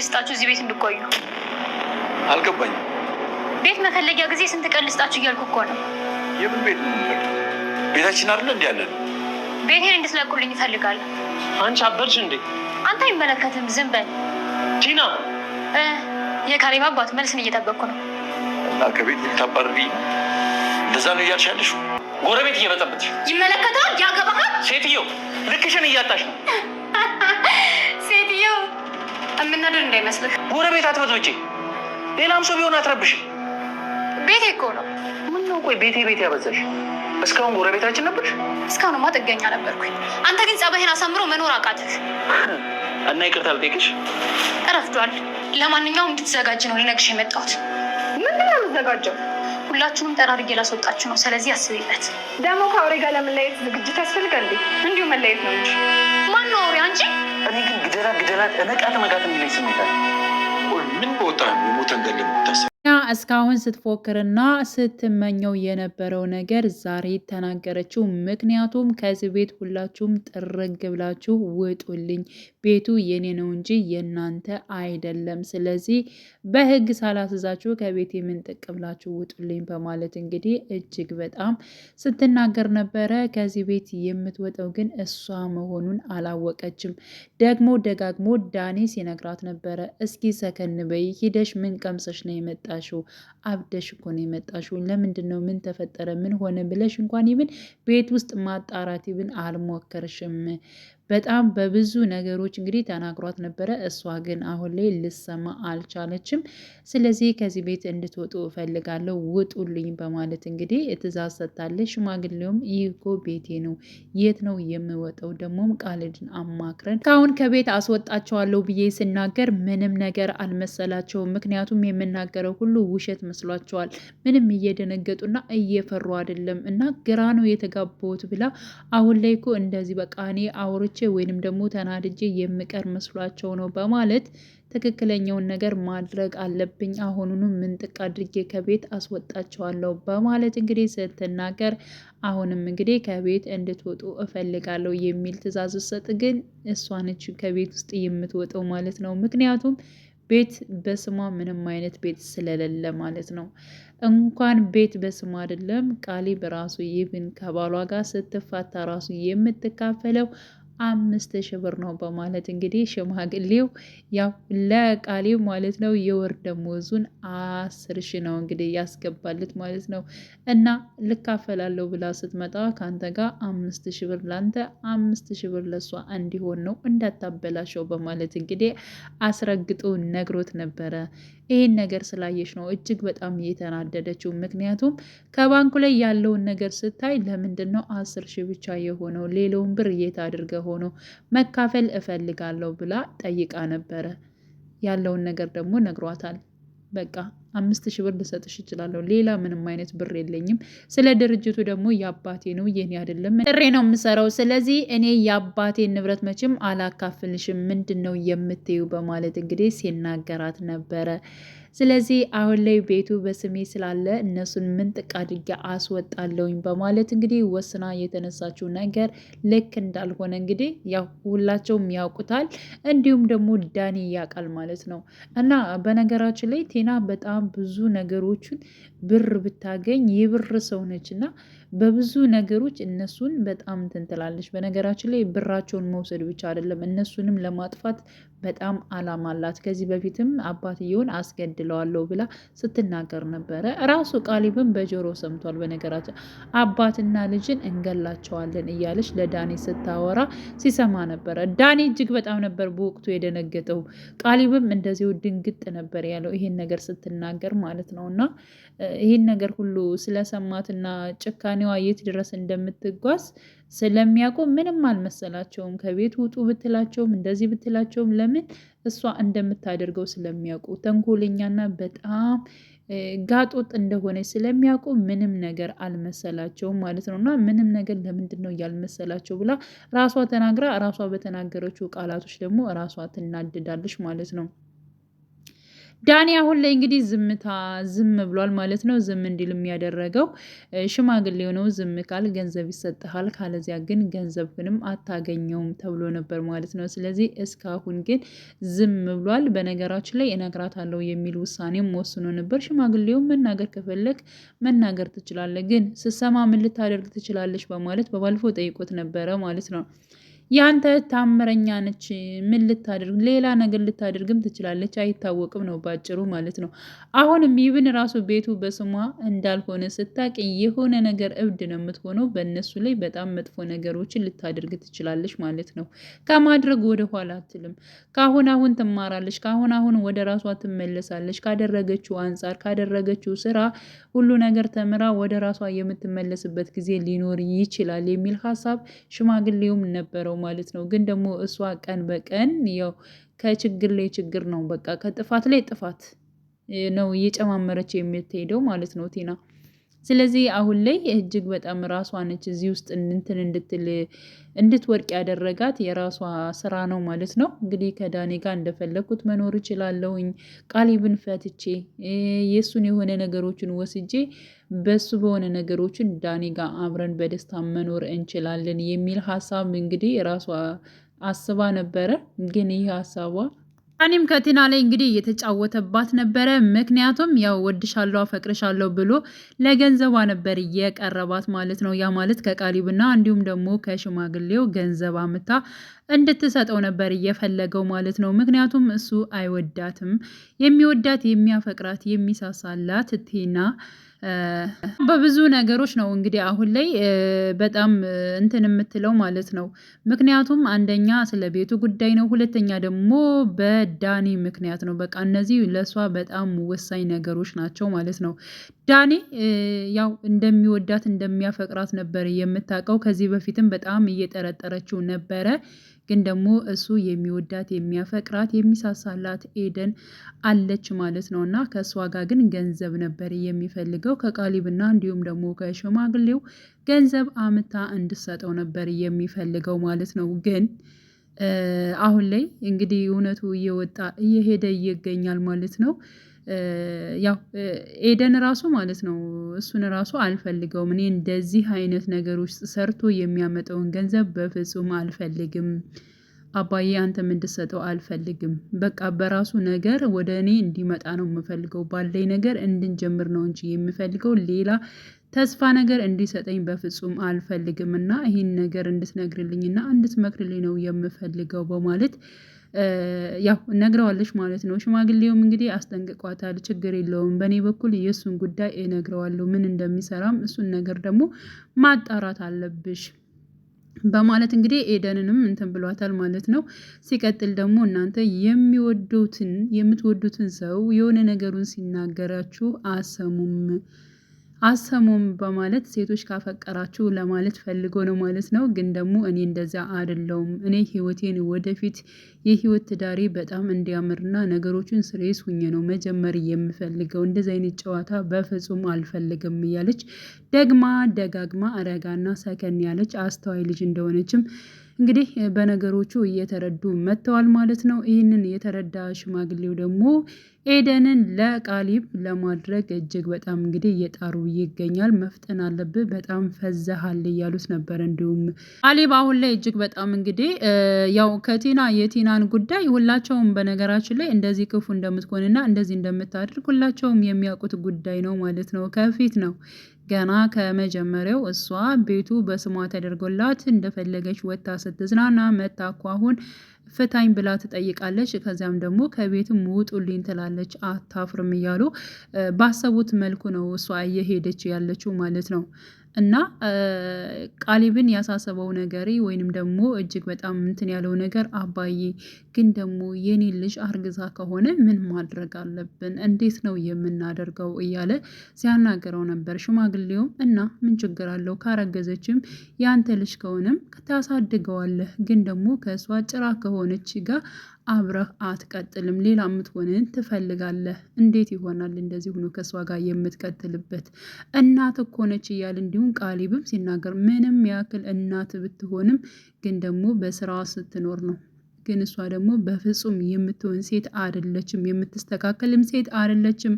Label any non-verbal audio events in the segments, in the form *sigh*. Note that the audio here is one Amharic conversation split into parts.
ልስጣችሁ እዚህ ቤት እንድቆዩ? አልገባኝ። ቤት መፈለጊያ ጊዜ ስንት ቀን ልስጣችሁ እያልኩ እኮ ነው። የምን ቤት? ቤታችን አይደለ እንዲ ያለን። ቤቴን እንድትለቁልኝ ይፈልጋለሁ። አንቺ አበርሽ እንዴ? አንተ አይመለከትም፣ ዝም በል ቲና። የካሌብ አባት መልስን እየጠበቅኩ ነው። እና ከቤት ልታባርሪ እንደዛ ነው እያልሽ ያለሽ? ጎረቤት እየበጠበት ይመለከተዋል፣ ያገባሃል። ሴትዮ ልክሽን እያጣሽ ነው። የምናደር እንዳይመስልህ። ጎረቤት አትበጥብጪ። ሌላም ሰው ቢሆን አትረብሽ። ቤቴ እኮ ነው። ምነው ቆይ ቤቴ ቤቴ ያበዛሽ። እስካሁን ጎረቤታችን ነበርሽ? እስካሁንማ ጥገኛ ነበርኩኝ። አንተ ግን ጸባይህን አሳምሮ መኖር አቃተህ። እና ይቅርታ ልጠይቅሽ? እረፍዷል። ለማንኛውም እንድትዘጋጅ ነው ልነግርሽ የመጣሁት። ምንድን ነው የምትዘጋጀው? ሁላችሁንም ጠራርጌ ላስወጣችሁ ነው። ስለዚህ አስቤበት። ደግሞ ከአውሬ ጋር ለመለየት ዝግጅት ያስፈልጋል። እንዲሁ መለየት ነው እንጂ ነው አውሬ? አንቺ። እኔ ግን ግደላት፣ ግደላት፣ ነቃት፣ መቃት የሚለኝ ስሜታል። ምን በወጣ የሞተን ገል የምታሰ እስካሁን ስትፎክርና ስትመኘው የነበረው ነገር ዛሬ ተናገረችው። ምክንያቱም ከዚህ ቤት ሁላችሁም ጥርግ ብላችሁ ውጡልኝ፣ ቤቱ የኔ ነው እንጂ የእናንተ አይደለም። ስለዚህ በህግ ሳላስዛችሁ ከቤት የምንጥቅ ብላችሁ ውጡልኝ በማለት እንግዲህ እጅግ በጣም ስትናገር ነበረ። ከዚህ ቤት የምትወጣው ግን እሷ መሆኑን አላወቀችም። ደግሞ ደጋግሞ ዳኔ ሲነግራት ነበረ። እስኪ ሰከንበይ ሂደሽ ምን ቀምሰሽ ነው የመጣሽው? የመጣሽው? አብደሽ እኮ ነው የመጣሽው። ለምንድን ነው ምን ተፈጠረ ምን ሆነ ብለሽ እንኳን ይብን ቤት ውስጥ ማጣራት ይብን አልሞከርሽም። በጣም በብዙ ነገሮች እንግዲህ ተናግሯት ነበረ። እሷ ግን አሁን ላይ ልሰማ አልቻለችም። ስለዚህ ከዚህ ቤት እንድትወጡ እፈልጋለሁ፣ ውጡልኝ በማለት እንግዲህ ትእዛዝ ሰጥታለች። ሽማግሌውም ይህ እኮ ቤቴ ነው፣ የት ነው የምወጣው? ደግሞም ቃልድን አማክረን ካሁን ከቤት አስወጣቸዋለሁ ብዬ ስናገር ምንም ነገር አልመሰላቸውም። ምክንያቱም የምናገረው ሁሉ ውሸት መስሏቸዋል። ምንም እየደነገጡና እየፈሩ አይደለም እና ግራ ነው የተጋባሁት ብላ አሁን ላይ እኮ እንደዚህ በቃ እኔ ተበሳጭቼ ወይንም ደግሞ ተናድጄ የምቀር መስሏቸው ነው በማለት ትክክለኛውን ነገር ማድረግ አለብኝ። አሁኑኑ ምንጥቅ አድርጌ ከቤት አስወጣቸዋለሁ በማለት እንግዲህ ስትናገር አሁንም እንግዲህ ከቤት እንድትወጡ እፈልጋለሁ የሚል ትዕዛዝ ሰጥ፣ ግን እሷ ነች ከቤት ውስጥ የምትወጠው ማለት ነው። ምክንያቱም ቤት በስሟ ምንም አይነት ቤት ስለሌለ ማለት ነው። እንኳን ቤት በስሟ አይደለም ቃሊ በራሱ ይብን ከባሏ ጋር ስትፋታ ራሱ የምትካፈለው አምስት ሺህ ብር ነው በማለት እንግዲህ ሽማግሌው ያው ለቃሌው ማለት ነው የወር ደሞዙን አስር ሺህ ነው እንግዲህ ያስገባልት ማለት ነው። እና ልካፈላለሁ ብላ ስትመጣ ከአንተ ጋር አምስት ሺህ ብር ለአንተ አምስት ሺህ ብር ለሷ እንዲሆን ነው እንዳታበላሸው በማለት እንግዲህ አስረግጦ ነግሮት ነበረ። ይህን ነገር ስላየች ነው እጅግ በጣም የተናደደችው። ምክንያቱም ከባንኩ ላይ ያለውን ነገር ስታይ ለምንድን ነው አስር ሺህ ብቻ የሆነው ሌላውን ብር የት አድርገ ሆኖ መካፈል እፈልጋለሁ ብላ ጠይቃ ነበረ። ያለውን ነገር ደግሞ ነግሯታል። በቃ አምስት ሺህ ብር ልሰጥሽ እችላለሁ። ሌላ ምንም አይነት ብር የለኝም። ስለ ድርጅቱ ደግሞ የአባቴ ነው የኔ አይደለም፣ ጥሬ ነው የምሰራው። ስለዚህ እኔ የአባቴን ንብረት መቼም አላካፍልሽም፣ ምንድን ነው የምትዩ? በማለት እንግዲህ ሲናገራት ነበረ። ስለዚህ አሁን ላይ ቤቱ በስሜ ስላለ እነሱን ምን ጥቅ አድርጌ አስወጣለሁኝ በማለት እንግዲህ ወስና የተነሳችው ነገር ልክ እንዳልሆነ እንግዲህ ያው ሁላቸውም ያውቁታል፣ እንዲሁም ደግሞ ዳኒ ያውቃል ማለት ነው። እና በነገራችን ላይ ቴና በጣም ብዙ ነገሮችን ብር ብታገኝ የብር ሰው ነች እና በብዙ ነገሮች እነሱን በጣም ትንትላለች። በነገራችን ላይ ብራቸውን መውሰድ ብቻ አይደለም እነሱንም ለማጥፋት በጣም አላማ አላት። ከዚህ በፊትም አባትየውን አስገድለዋለሁ ብላ ስትናገር ነበረ። ራሱ ቃሊብን በጆሮ ሰምቷል። በነገራችን አባትና ልጅን እንገላቸዋለን እያለች ለዳኒ ስታወራ ሲሰማ ነበረ። ዳኒ እጅግ በጣም ነበር በወቅቱ የደነገጠው። ቃሊብም እንደዚሁ ድንግጥ ነበር ያለው ይሄን ነገር ስትናገር ማለት ነው እና ይህን ነገር ሁሉ ስለሰማትና ጭካኔ ውሳኔዋ የት ድረስ እንደምትጓዝ ስለሚያውቁ ምንም አልመሰላቸውም። ከቤት ውጡ ብትላቸውም እንደዚህ ብትላቸውም ለምን እሷ እንደምታደርገው ስለሚያውቁ ተንኮለኛና በጣም ጋጦጥ እንደሆነ ስለሚያውቁ ምንም ነገር አልመሰላቸውም ማለት ነው። እና ምንም ነገር ለምንድን ነው እያልመሰላቸው ብላ ራሷ ተናግራ ራሷ በተናገረችው ቃላቶች ደግሞ ራሷ ትናድዳለች ማለት ነው። ዳኒ አሁን ላይ እንግዲህ ዝምታ ዝም ብሏል ማለት ነው። ዝም እንዲል የሚያደረገው ሽማግሌ የሆነው ዝም ካል ገንዘብ ይሰጥሃል፣ ካለዚያ ግን ገንዘብንም አታገኘውም ተብሎ ነበር ማለት ነው። ስለዚህ እስካሁን ግን ዝም ብሏል። በነገራችን ላይ እነግራታለሁ የሚል ውሳኔም ወስኖ ነበር። ሽማግሌው መናገር ከፈለግ መናገር ትችላለህ፣ ግን ስሰማ ምን ልታደርግ ትችላለች በማለት በባለፈው ጠይቆት ነበረ ማለት ነው። ያንተ ታምረኛ ነች። ምን ልታደርግ ሌላ ነገር ልታደርግም ትችላለች፣ አይታወቅም ነው ባጭሩ ማለት ነው። አሁንም ይብን ራሱ ቤቱ በስሟ እንዳልሆነ ስታቅ የሆነ ነገር እብድ ነው የምትሆነው። በእነሱ ላይ በጣም መጥፎ ነገሮችን ልታደርግ ትችላለች ማለት ነው። ከማድረግ ወደ ኋላ አትልም። ከአሁን አሁን ትማራለች፣ ከአሁን አሁን ወደ ራሷ ትመለሳለች። ካደረገችው አንጻር ካደረገችው ስራ ሁሉ ነገር ተምራ ወደ ራሷ የምትመለስበት ጊዜ ሊኖር ይችላል የሚል ሀሳብ ሽማግሌውም ነበረው ማለት ነው። ግን ደግሞ እሷ ቀን በቀን ያው ከችግር ላይ ችግር ነው በቃ ከጥፋት ላይ ጥፋት ነው እየጨማመረች የምትሄደው ማለት ነው ቲና ስለዚህ አሁን ላይ እጅግ በጣም ራሷ ነች እዚህ ውስጥ እንትን እንድትል እንድትወርቅ ያደረጋት የራሷ ስራ ነው ማለት ነው። እንግዲህ ከዳኔ ጋር እንደፈለግኩት መኖር እችላለሁኝ። ቃሊብን ፈትቼ የእሱን የሆነ ነገሮችን ወስጄ በሱ በሆነ ነገሮችን ዳኔ ጋር አብረን በደስታ መኖር እንችላለን የሚል ሀሳብ እንግዲህ ራሷ አስባ ነበረ። ግን ይህ ሀሳቧ እኔም ከቲና ላይ እንግዲህ እየተጫወተባት ነበረ። ምክንያቱም ያው ወድሻለሁ፣ አፈቅርሻለሁ ብሎ ለገንዘቧ ነበር እየቀረባት ማለት ነው። ያ ማለት ከቃሊብና እንዲሁም ደግሞ ከሽማግሌው ገንዘብ አምታ እንድትሰጠው ነበር እየፈለገው ማለት ነው። ምክንያቱም እሱ አይወዳትም። የሚወዳት የሚያፈቅራት የሚሳሳላት ቲና በብዙ ነገሮች ነው እንግዲህ አሁን ላይ በጣም እንትን የምትለው ማለት ነው። ምክንያቱም አንደኛ ስለ ቤቱ ጉዳይ ነው፣ ሁለተኛ ደግሞ በዳኒ ምክንያት ነው። በቃ እነዚህ ለእሷ በጣም ወሳኝ ነገሮች ናቸው ማለት ነው። ዳኒ ያው እንደሚወዳት እንደሚያፈቅራት ነበር የምታውቀው። ከዚህ በፊትም በጣም እየጠረጠረችው ነበረ ግን ደግሞ እሱ የሚወዳት የሚያፈቅራት የሚሳሳላት ኤደን አለች ማለት ነው እና ከእሷ ጋር ግን ገንዘብ ነበር የሚፈልገው ከቃሊብና እንዲሁም ደግሞ ከሽማግሌው ገንዘብ አምታ እንድሰጠው ነበር የሚፈልገው ማለት ነው ግን አሁን ላይ እንግዲህ እውነቱ እየወጣ እየሄደ ይገኛል ማለት ነው። ያው ኤደን ራሱ ማለት ነው እሱን ራሱ አልፈልገውም። እኔ እንደዚህ አይነት ነገር ውስጥ ሰርቶ የሚያመጣውን ገንዘብ በፍጹም አልፈልግም። አባዬ አንተ እንድሰጠው አልፈልግም። በቃ በራሱ ነገር ወደ እኔ እንዲመጣ ነው የምፈልገው። ባለኝ ነገር እንድንጀምር ነው እንጂ የምፈልገው ሌላ ተስፋ ነገር እንዲሰጠኝ በፍጹም አልፈልግም እና ይህን ነገር እንድትነግርልኝ እንድትነግርልኝና እንድትመክርልኝ ነው የምፈልገው በማለት ያው ነግረዋለች ማለት ነው። ሽማግሌውም እንግዲህ አስጠንቅቋታል። ችግር የለውም በእኔ በኩል የእሱን ጉዳይ እነግረዋለሁ፣ ምን እንደሚሰራም እሱን ነገር ደግሞ ማጣራት አለብሽ በማለት እንግዲህ ኤደንንም እንትን ብሏታል ማለት ነው። ሲቀጥል ደግሞ እናንተ የሚወዱትን የምትወዱትን ሰው የሆነ ነገሩን ሲናገራችሁ አሰሙም አሰሙም በማለት ሴቶች ካፈቀራችሁ ለማለት ፈልጎ ነው ማለት ነው። ግን ደግሞ እኔ እንደዛ አይደለውም። እኔ ህይወቴን ወደፊት የህይወት ትዳሬ በጣም እንዲያምርና ነገሮችን ስሬስ ሁኜ ነው መጀመር የምፈልገው። እንደዚ አይነት ጨዋታ በፍጹም አልፈልግም እያለች ደግማ ደጋግማ አረጋና ሰከን ያለች አስተዋይ ልጅ እንደሆነችም እንግዲህ በነገሮቹ እየተረዱ መጥተዋል ማለት ነው። ይህንን የተረዳ ሽማግሌው ደግሞ ኤደንን ለቃሊብ ለማድረግ እጅግ በጣም እንግዲህ እየጣሩ ይገኛል። መፍጠን አለብህ፣ በጣም ፈዛሃል እያሉት ነበር። እንዲሁም ቃሊብ አሁን ላይ እጅግ በጣም እንግዲህ ያው ከቲና የቲናን ጉዳይ ሁላቸውም በነገራችን ላይ እንደዚህ ክፉ እንደምትሆንና እንደዚህ እንደምታደርግ ሁላቸውም የሚያውቁት ጉዳይ ነው ማለት ነው። ከፊት ነው ገና ከመጀመሪያው እሷ ቤቱ በስሟ ተደርጎላት እንደፈለገች ወታ ስትዝናና መታ እኮ አሁን ፍታኝ ብላ ትጠይቃለች። ከዚያም ደግሞ ከቤትም ውጡልኝ ትላለች። አታፍርም እያሉ ባሰቡት መልኩ ነው እሷ እየሄደች ያለችው ማለት ነው። እና ቃሊብን ያሳሰበው ነገር ወይንም ደግሞ እጅግ በጣም እንትን ያለው ነገር አባዬ ግን ደግሞ የኔ ልጅ አርግዛ ከሆነ ምን ማድረግ አለብን? እንዴት ነው የምናደርገው? እያለ ሲያናገረው ነበር። ሽማግሌውም እና ምን ችግር አለው ካረገዘችም የአንተ ልጅ ከሆነም ታሳድገዋለህ፣ ግን ደግሞ ከእሷ ጭራ ከሆነች ጋር አብረህ አትቀጥልም፣ ሌላ የምትሆንን ትፈልጋለህ። እንዴት ይሆናል እንደዚህ ሆኖ ከእሷ ጋር የምትቀጥልበት? እናት እኮ ነች እያል እንዲሁም ቃሊብም ሲናገር ምንም ያክል እናት ብትሆንም ግን ደግሞ በስራ ስትኖር ነው ግን እሷ ደግሞ በፍጹም የምትሆን ሴት አይደለችም፣ የምትስተካከልም ሴት አይደለችም።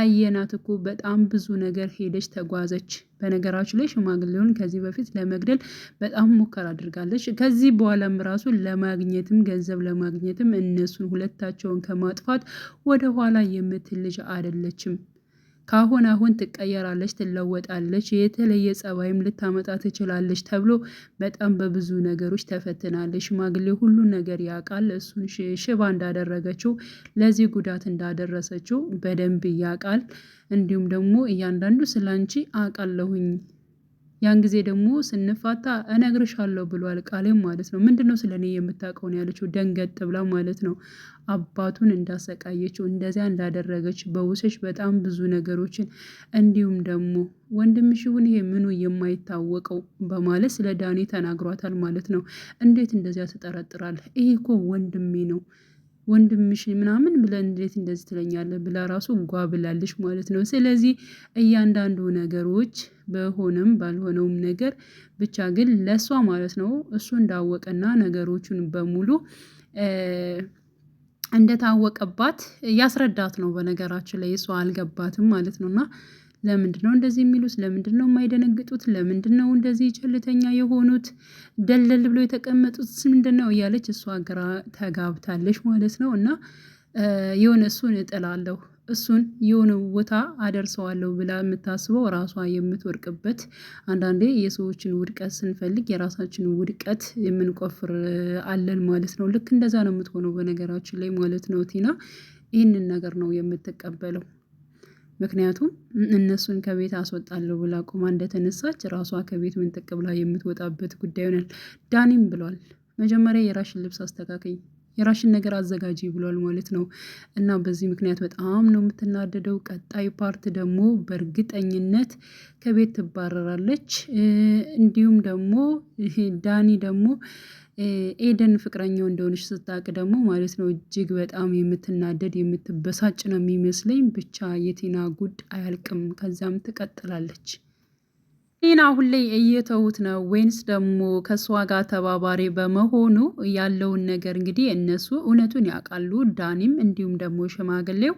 አየናት እኮ በጣም ብዙ ነገር ሄደች፣ ተጓዘች። በነገራችን ላይ ሽማግሌውን ከዚህ በፊት ለመግደል በጣም ሙከራ አድርጋለች። ከዚህ በኋላም ራሱ ለማግኘትም ገንዘብ ለማግኘትም እነሱን ሁለታቸውን ከማጥፋት ወደኋላ የምትል ልጅ አይደለችም። ከአሁን አሁን ትቀየራለች፣ ትለወጣለች፣ የተለየ ጸባይም ልታመጣ ትችላለች ተብሎ በጣም በብዙ ነገሮች ተፈትናለች። ሽማግሌ ሁሉን ነገር ያውቃል። እሱን ሽባ እንዳደረገችው ለዚህ ጉዳት እንዳደረሰችው በደንብ ያውቃል። እንዲሁም ደግሞ እያንዳንዱ ስላንቺ አውቃለሁኝ ያን ጊዜ ደግሞ ስንፋታ እነግርሻለሁ ብሏል። ቃሌም ማለት ነው ምንድን ነው ስለ እኔ ያለችው ደንገጥ ብላ ማለት ነው። አባቱን እንዳሰቃየችው እንደዚያ እንዳደረገች በውሰች በጣም ብዙ ነገሮችን እንዲሁም ደግሞ ወንድምሽ ይሁን ይሄ ምኑ የማይታወቀው በማለት ስለ ዳኒ ተናግሯታል ማለት ነው። እንዴት እንደዚያ ትጠረጥራለህ? ይሄ እኮ ወንድሜ ነው ወንድምሽ ምናምን ብለን እንዴት እንደዚህ ትለኛለህ ብላ ራሱ እንኳ ብላለች ማለት ነው። ስለዚህ እያንዳንዱ ነገሮች በሆነም ባልሆነውም ነገር ብቻ ግን ለእሷ ማለት ነው እሱ እንዳወቀና ነገሮቹን በሙሉ እንደታወቀባት ያስረዳት ነው። በነገራችን ላይ እሷ አልገባትም ማለት ነውና ለምንድን ነው እንደዚህ የሚሉት? ለምንድን ነው የማይደነግጡት? ለምንድን ነው እንደዚህ ቸልተኛ የሆኑት? ደለል ብሎ የተቀመጡት ምንድን ነው እያለች እሷ ግራ ተጋብታለች ማለት ነው። እና የሆነ እሱን እጥላለሁ እሱን የሆነ ቦታ አደርሰዋለሁ ብላ የምታስበው ራሷ የምትወድቅበት። አንዳንዴ የሰዎችን ውድቀት ስንፈልግ የራሳችንን ውድቀት የምንቆፍር አለን ማለት ነው። ልክ እንደዛ ነው የምትሆነው በነገራችን ላይ ማለት ነው። ቲና ይህንን ነገር ነው የምትቀበለው። ምክንያቱም እነሱን ከቤት አስወጣለሁ ብላ ቁማ እንደተነሳች ራሷ ከቤት ምንጥቅ ብላ የምትወጣበት ጉዳይ ሆናል። ዳኒም ብሏል፣ መጀመሪያ የራሽን ልብስ አስተካከኝ፣ የራሽን ነገር አዘጋጂ ብሏል ማለት ነው። እና በዚህ ምክንያት በጣም ነው የምትናደደው። ቀጣይ ፓርት ደግሞ በእርግጠኝነት ከቤት ትባረራለች። እንዲሁም ደግሞ ዳኒ ደግሞ ኤደን ፍቅረኛው እንደሆነች ስታውቅ ደግሞ ማለት ነው እጅግ በጣም የምትናደድ የምትበሳጭ ነው የሚመስለኝ። ብቻ የቴና ጉድ አያልቅም፣ ከዛም ትቀጥላለች። ይህን አሁን ላይ እየተዉት ነው ወይንስ ደግሞ ከእሷ ጋር ተባባሪ በመሆኑ ያለውን ነገር እንግዲህ እነሱ እውነቱን ያውቃሉ። ዳኒም እንዲሁም ደግሞ ሽማግሌው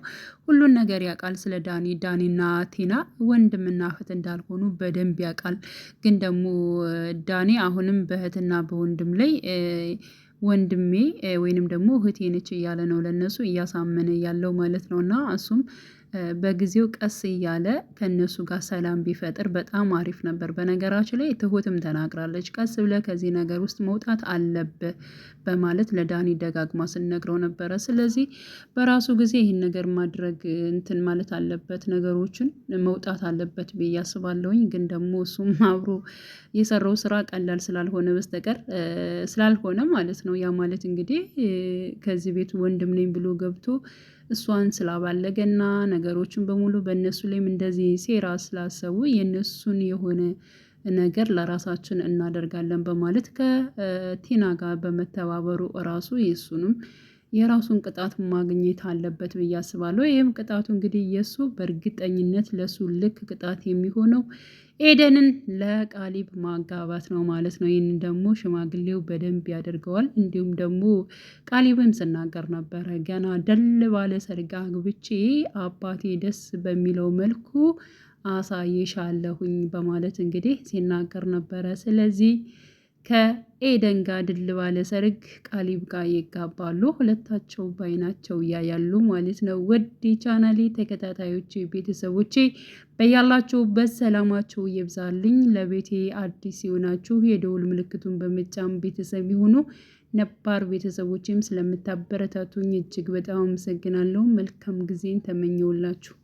ሁሉን ነገር ያውቃል ስለ ዳኒ። ዳኒና ቲና ወንድምና እህት እንዳልሆኑ በደንብ ያውቃል። ግን ደግሞ ዳኒ አሁንም በእህትና በወንድም ላይ ወንድሜ ወይንም ደግሞ እህቴ ነች እያለ ነው ለእነሱ እያሳመነ ያለው ማለት ነው እና እሱም በጊዜው ቀስ እያለ ከእነሱ ጋር ሰላም ቢፈጥር በጣም አሪፍ ነበር። በነገራችን ላይ ትሁትም ተናግራለች ቀስ ብለህ ከዚህ ነገር ውስጥ መውጣት አለብህ በማለት ለዳኒ ደጋግማ ስነግረው ነበረ። ስለዚህ በራሱ ጊዜ ይህን ነገር ማድረግ እንትን ማለት አለበት፣ ነገሮችን መውጣት አለበት ብዬ አስባለሁኝ። ግን ደግሞ እሱም *laughs* አብሮ የሰራው ስራ ቀላል ስላልሆነ በስተቀር ስላልሆነ ማለት ነው። ያ ማለት እንግዲህ ከዚህ ቤት ወንድም ነኝ ብሎ ገብቶ እሷን ስላባለገና ነገሮችን በሙሉ በእነሱ ላይም እንደዚህ ሴራ ስላሰቡ የእነሱን የሆነ ነገር ለራሳችን እናደርጋለን በማለት ከቲና ጋር በመተባበሩ እራሱ የእሱንም የራሱን ቅጣት ማግኘት አለበት ብዬ አስባለሁ። ይህም ቅጣቱ እንግዲህ የእሱ በእርግጠኝነት ለሱ ልክ ቅጣት የሚሆነው ኤደንን ለቃሊብ ማጋባት ነው ማለት ነው። ይህን ደግሞ ሽማግሌው በደንብ ያደርገዋል። እንዲሁም ደግሞ ቃሊብም ስናገር ነበረ ገና ደል ባለ ሰርግ አግብቼ አባቴ ደስ በሚለው መልኩ አሳይሻለሁኝ በማለት እንግዲህ ሲናገር ነበረ። ስለዚህ ከኤደን ጋር ድል ባለ ሰርግ ቃሊብ ጋር ይጋባሉ። ሁለታቸው ባይናቸው እያያሉ ማለት ነው። ውድ ቻናሌ ተከታታዮች ቤተሰቦቼ በያላችሁበት ሰላማቸው ይብዛልኝ። ለቤቴ አዲስ የሆናችሁ የደውል ምልክቱን በመጫን ቤተሰብ የሆኑ ነባር ቤተሰቦችም ስለምታበረታቱኝ እጅግ በጣም አመሰግናለሁ። መልካም ጊዜን ተመኘውላችሁ።